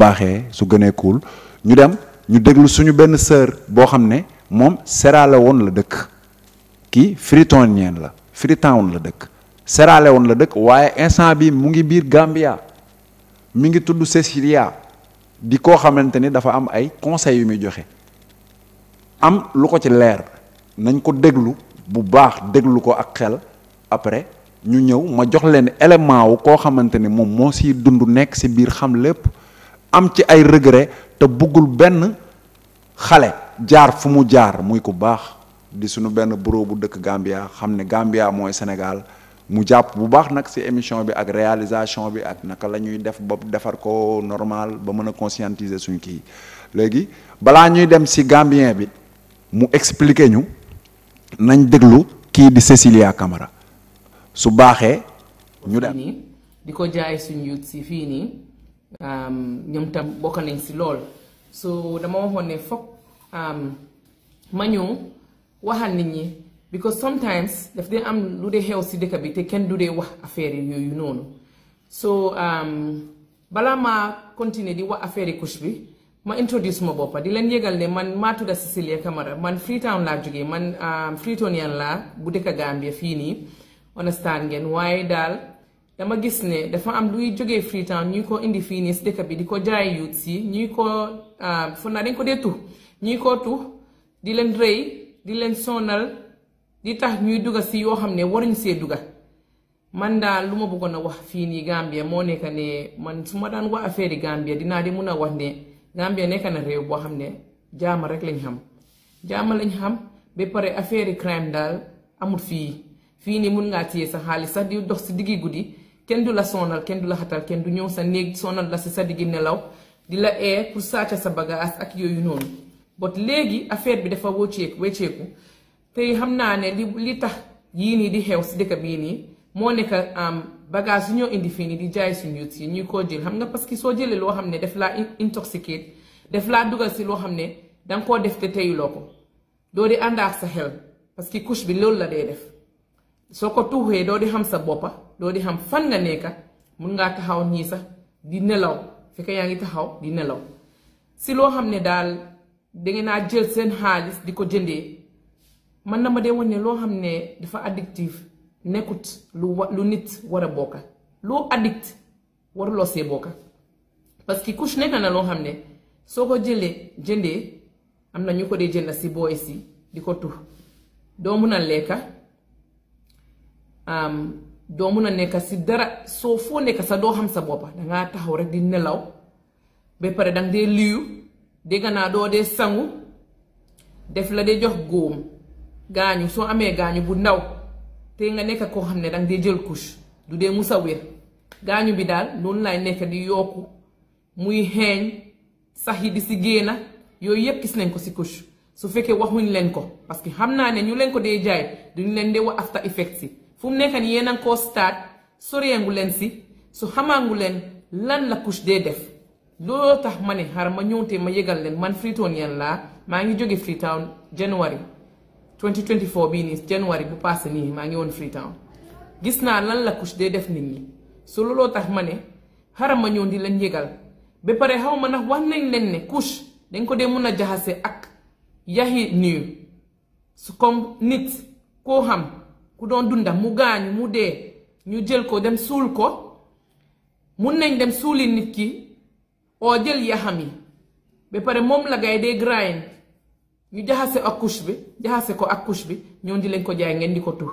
baaxee su gënee kuul ñu dem ñu déglu suñu benn sœur boo xam ne moom Sierra woon la dëkk kii Freetonienne la Freetown la dëkk Sierra woon la dëkk waaye instant bi mu ngi biir Gambia mi ngi tudd Cecilia di koo xamante ni dafa am ay conseils yu muy joxe am lu ko ci leer nañ ko déglu bu baax déglu ko ak xel après ñu ñëw ma jox leen élément wu koo xamante ni moom moo siy dund nekk si biir xam lépp am ci ay regret te buggul benn xale jaar fu mu jaar muy ku baax di suñu benn bureau bu dëkk Gambia xam ne Gambia mooy Sénégal mu jàpp bu baax nag ci émission bi ak réalisation bi ak naka la ñuy def ba defar ko normal ba mën a conscientiser suñ kii léegi balaa ñuy dem ci Gambien bi mu expliquer ñu nañ déglu kii di Cécilia kamara su baaxee ñu dem di ko jaay suñ yuut si fii nii Um, ñoom tam bokk nañ si lool so dama waxoon ne foog um, ma ñëw waxal nit ñi because sometimes daf dee am lu dee xew si dëkk bi te kenn du dee wax affaire yi yooyu noonu so um, balaa maa continuer di wax affaire yi couche bi ma introduce ma boppa di leen yëgal ne man maa tudda Cecilia Camara man Freetown laa jógee man Freetonian laa bu dëkk Gambia fii nii understand ngeen waaye daal dama gis ne dafa am luy jógee Freetown ñu ko indi fii nii si dëkk bi di ko jaay youths yi ñuy ko ah, foog naa dañ ko dee tux ñuy ko tux di leen rëy di leen sonal di tax ñuy duga si yoo xam ne waruñu see duga man daal lu ma bëggoon a wax fii nii Gambia moo nekk ne man su ma daan wax affaire yi Gambia dinaa di mun a wax ne Gambia nekk na réew boo xam ne jaama rek lañ xam jaama lañ xam ba pare affaire yi crime daal amul fii fii nii mun ngaa téye sa xaalis sax di si diggi guddi kenn du la sonal kenn du la xatal kenn du ñëw sa néeg sonal la si sa diggi nelaw di la ee pour sàcca sa bagaas ak yooyu noonu bot léegi affaire bi dafa wócceeku wécceeku tey xam naa ne li li tax yii nii di xew si dëkk bii nii moo nekk bagaas yu ñoo indi fii nii di jaay suñu youth yi ñuy koo jël xam nga parce que soo jëlee loo xam ne def laa intoxicate def laa dugal si loo xam ne danga koo def te teyuloo ko doo di ànd ak sa xel parce que couche bi loolu la dee def soo ko tuuxee doo di xam sa boppa doo di xam fan nga nekk mun ngaa taxaw nii sax di nelaw fekk yaa ngi taxaw di nelaw si loo xam ne daal dangeen naa jël seen xaalis di ko jëndee man na ma dee wane loo xam ne dafa addictif nekkut lu wa lu nit war a bokka loo addict waruloo see bokka parce que kush nekk na loo xam ne soo ko jëlee jëndee am na ñu ko dee jënd si booy si di ko tux doo mun a lekka doo mun a nekk si dara soo foo nekk sa doo xam sa boppa dangaa taxaw rek di nelaw ba pare danga dee liyu dégg naa doo dee sangu def la dee jox góom gaañu soo amee gaañu bu ndaw te nga nekk koo xam ne danga dee jël couche du dee musa wér gaañu bi daal noonu laay nekk di yokku muy xeeñ sax yi di si génna yooyu yëpp gis nañ ko si couche su fekkee waxuñ leen ko parce que xam naa ne ñu leen ko dee jaay duñ leen dee wax after effects yi fu mu nekk nii yéen a ngi koo stade soreengu leen si su xamaangu leen lan la couche dee def looloo tax ma ne xar ma ñëwtee ma yëgal leen man Freetonien laa maa ngi jóge Freetown January 2024 bii nii January bu passé nii maa ngi woon Freetown gis naa lan la couche dee def nit ñi su looloo tax ma ne xaram ma ñëw di leen yëgal ba pare xaw ma nag wax nañ leen ne couche dañ ko dee mun a jaxase ak yaxi niw su comme nit koo xam ku doon dundam mu gaañu mu dee ñu jël ko dem suul ko mun nañ dem suuli nit ki oo jël yaxam yi ba pare moom la gay dee grind ñu jaxase ak couche bi jaxase ko ak couche bi ñoom di leen ko jaay ngeen di ko tur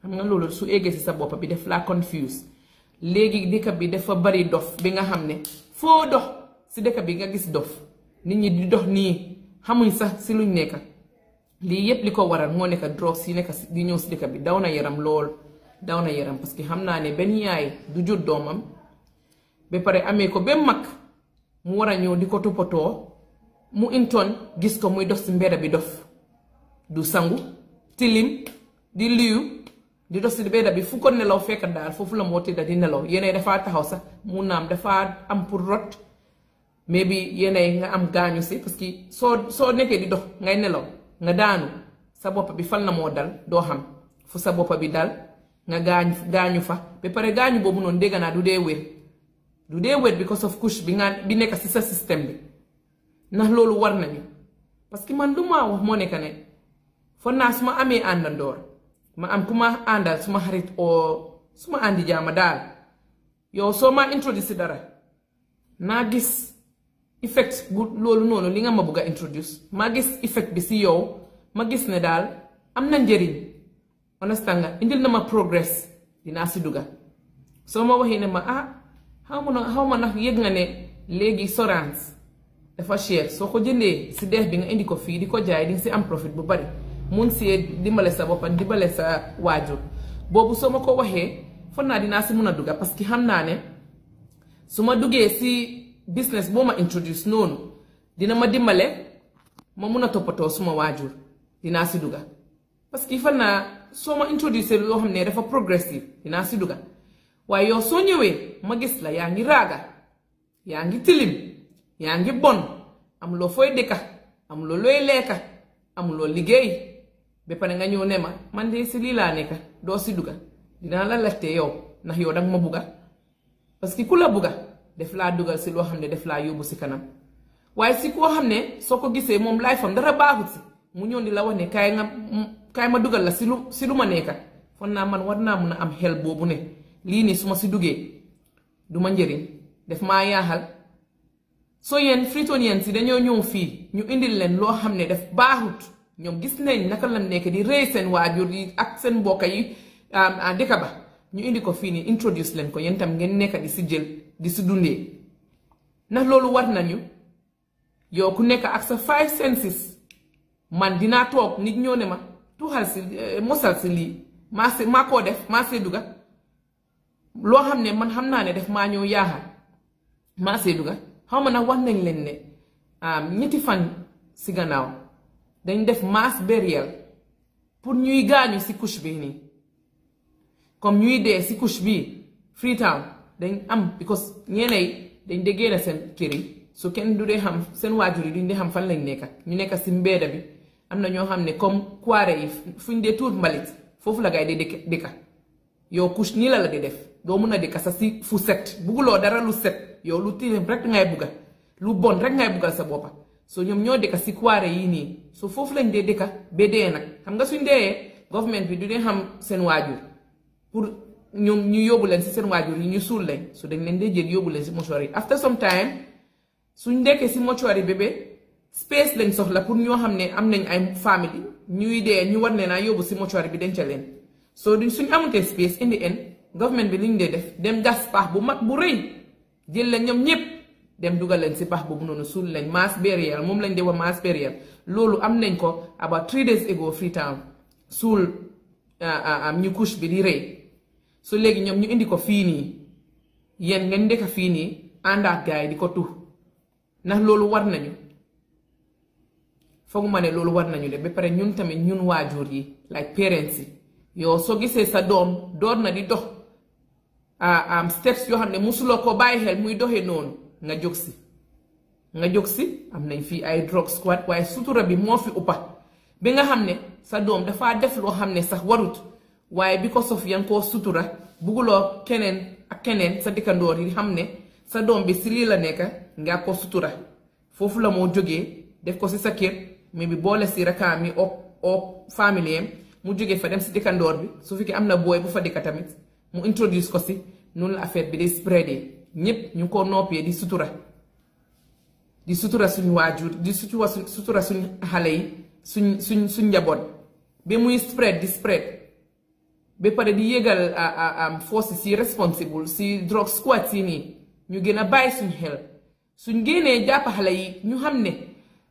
xam nga loolu su eggee si sa bopp bi def laa confuse léegi dëkk bi dafa bari dof bi nga xam ne foo dox si dëkk bi nga gis dof nit ñi di dox nii xamuñ sax si luñ nekk lii yëpp li ko waral moo nekk drogue yi nekk di ñëw si dëkk bi daw na yaram lool daw na yaram parce que xam naa ne benn yaay du jur doomam ba pare amee ko ba mag mu war a ñëw di ko toppatoo mu intoon gis ko muy dox si mbedd bi dof du sangu tilim di liyu di dox si mbedd bi fu ko nelaw fekk daal foofu la moo tëdda di nelaw yeneen dafaa taxaw sax mu naam dafaa am pour rot mais bi yeneen nga am gaañu si parce soo soo nekkee di dox ngay nelaw nga daanu sa bopp bi fan na moo dal doo xam fu sa boppa bi dal nga gaañ gaañu fa ba pare gaañu boobu noonu dégg naa du dee wér du dee wér because of couche bi nga bi nekk si sa système bi ndax loolu war nañu parce que man lu ma wax moo nekk ne foog naa su ma amee àndandoor ma am ku ma àndal su ma xarit oo su ma àndi jaama daal yow soo ma introduce dara naa gis. effect bu loolu noonu li nga ma bëgg a introduce ma gis effect bi si yow ma gis ne daal am na njëriñ honesta nga indil na ma progress dinaa si dugga soo ma waxee ne ma ah xaw ma xaw ma nag yëg nga ne léegi sorance dafa cher soo ko jëndee si deex bi nga indi ko fii di ko jaay di nga si am profit bu bari mun see dimbale sa boppam dimbale sa waajur boobu soo ma ko waxee foog naa dinaa si mun a dugga parce que xam naa ne su ma duggee si business boo ma introduce noonu dina ma dimbale ma mun a toppatoo suma waajur dinaa si dugga parce que fan naa soo ma introduce loo xam ne dafa progressive dinaa si dugga waaye yow soo ñëwee ma gis la yaa ngi raaga yaa ngi tilim yaa ngi bon am loo fooy dëkka am loo looy lekka am liggéey ba pare nga ñëw ne ma man de si lii laa nekka doo si dugga dinaa la laajte yow ndax yow danga ma bugga parce ku la bugga def laa dugal si loo xam ne def laa yóbbu si kanam waaye si koo xam ne soo ko gisee moom laay fam dara baaxut si mu ñëw di la wax ne kaay nga kaay ma dugal la si lu si lu ma nekka fon naa man war naa mun a am xel boobu ne lii nii su ma si duggee du ma njëriñ def maa yaaxal soo yéen fritoniens si dañoo ñëw fii ñu indil leen loo xam ne daf baaxut ñoom gis nañ naka lañ nekk di rey seen waajur yi ak seen mbokk yi ah, ah, dëkk ba ñu indi ko fii ni introduce leen ko yéen tam ngeen nekk di si jël di si dundee ndax loolu war nañu yow ku nekk ak sa five senses man dinaa toog nit ñoo ne ma tuuxal si eh, mosal si lii maa si koo def maa see duga loo xam ne man xam naa ne def maa ñëw yaaxal maa see duga xaw ma nag wax nañ leen ne ñetti fan si gannaaw dañ def mass beryel pour ñuy gaañu si couche bi nii. comme ñuy dee si couche bii Freetown dañ am because ñeene yi dañ dee génn seen kër yi su kenn du dee xam seen waajur yi duñ dee xam fan lañ nekkat ñu nekkat si mbeeda bi am na ñoo xam ne comme kuwaare yi dee tuur mbalit foofu la gaay dee dëkk dëkka yow couche nii la def doo mun a dëkka sa si fu set bugguloo dara lu set yow lu tilim rek ngay bugga lu bon rek ngay buggal sa boppa so ñoom ñoo dëkka si kuwaare yi nii so foofu lañ dee dëkka ba dee nag xam nga suñ deeyee government bi du dee xam seen waajur pour ñoom ñu yóbbu leen si seen waajur yi ñu suul leen su dañ leen dee jël yóbbu leen si mortuaire yi after some time suñ dekkee si mortuaire yi bébé space lañ soxla pour ñoo xam ne am nañ ay famille ñuy dee ñu war leen a yóbbu si mortuaire bi denc leen so duñ suñ amutee space in the end government bi ñu dee def dem gas pax bu mag bu rëy jël leen ñoom ñëpp dem dugal leen si pax boobu noonu suul leen maas burial moom lañ dee wax mass burial loolu am nañ ko about three days ago suul am ah, ah, ah, bi di rëy. su léegi ñoom ñu indi ko fii nii yéen ngeen ndeka fii nii ànd ak gaay di ko tux ndax loolu war nañu fooguma ne loolu war nañu de ba pare ñun tamit ñun waajur yi like parents yi yow soo gisee sa doom door na di dox am steps yoo xam ne musuloo ko bàyyi xel muy doxe noonu nga jóg si nga jóg si am nañ fii ay drug squad waaye sutura bi moo fi uppa bi nga xam ne sa doom dafa def loo xam ne sax warut waaye bi ko sof yan koo sutura bugguloo keneen ak keneen sa dëkkandoor yi xam ne sa doom bi si lii la nekk nga ko sutura foofu la moo jógee def ko si sa kër mais bi boole si rakkaam yi op op familiem mu jógee fa dem si dëkkandoor bi su fekkee am na booy bu fa dëkk tamit mu introduce ko si noonu la affaire bi day spreadé ñëpp ñu ko noppee di sutura di sutura suñu waajur di sutura suñu xale yi suñ suñ suñ njaboot bi muy spread di spread. ba pare di yëgal am force si responsible si drogue squat si nii ñu gën a bàyyi suñu xel suñ génnee jàpp xale yi ñu xam ne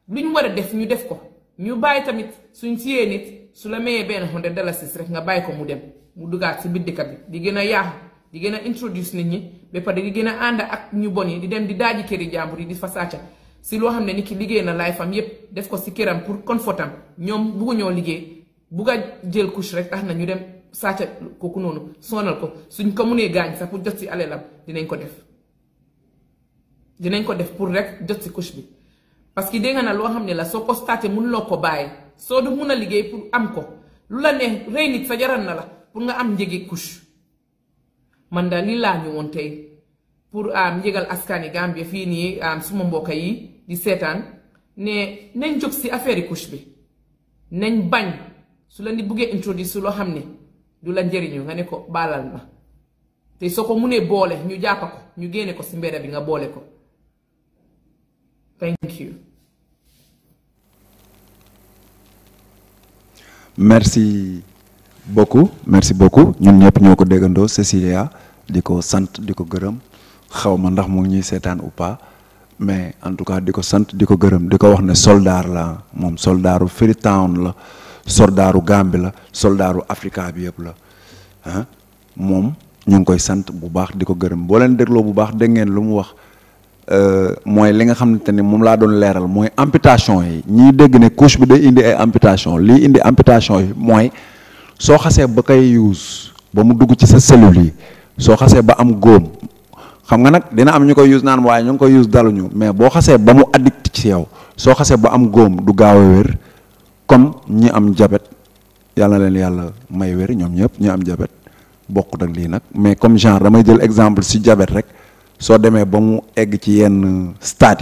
ñu war a def ñu def ko ñu bàyyi tamit suñ siyee nit su la mayee benn hundred dalasis rek nga bàyyi ko mu dem mu dugaat si biddika bi di gën a yaaxu di gën a introduce nit ñi ba pare di gën a ànd ak ñu bon yi di dem di daaji këri jàmbur yi di fa sàcca si loo xam ne nit ki liggéey na laay fam yépp def ko si këram pour confortam ñoom bugg ñoo liggéey bugg jël couche rek tax na ñu dem sàcca kooku noonu sonal ko suñ ko munee gaañ sax pour jot si alelam dinañ ko def dinañ ko def pour rek jot si couche bi parce que dégg na loo xam ne la soo ko staté mënuloo ko bàyyi soo du mun a liggéey pour am ko lu la ne rey nit sa jaral na la pour nga am njëgi couche man daal lii laa ñu woon tey pour am yëgal askan yi Gambie fii nii am suma mbokk yi di seetaan ne nañ jóg si affaire yi couche bi nañ bañ su la ni buggee introduire loo xam ne. du la njëriñu nga ne ko balal ma te soo ko munee boole ñu jàpp ko ñu génne ko si mbedda bi nga boole ko thank you merci beaucoup merci ñun ñëpp ñoo ko déggandoo Cecilia di ko sant di ko gërëm xaw ma ndax mu ñuy seetaan ou pas mais en tout cas di ko sant di ko gërëm di ko wax ne soldaar la moom soldaaru Freetown la soldaaru bi la soldaaru Africa bi yëpp la ah moom ñu ngi koy sant bu baax di ko gërëm boo leen dégloo bu baax dégg ngeen lu mu wax euh, mooy li nga xamante ni moom laa doon leeral mooy amputation yi ñu dégg ne couche bi day indi ay amputation lii indi amputation yi mooy soo xasee ba koy use ba mu dugg ci sa cellule yi soo xasee ba am góom xam nga nag dina am ñu koy use naan waaye ñu ngi koy use daluñu mais boo xasee ba mu addict ci yow soo xasee ba am góom du gaaw a wér comme ñi am jabet yàlla na leen yàlla may wér ñoom ñëpp ñi am jabet bokkut ak lii nag mais comme genre damay jël exemple si jabet rek soo demee ba mu egg ci yenn stade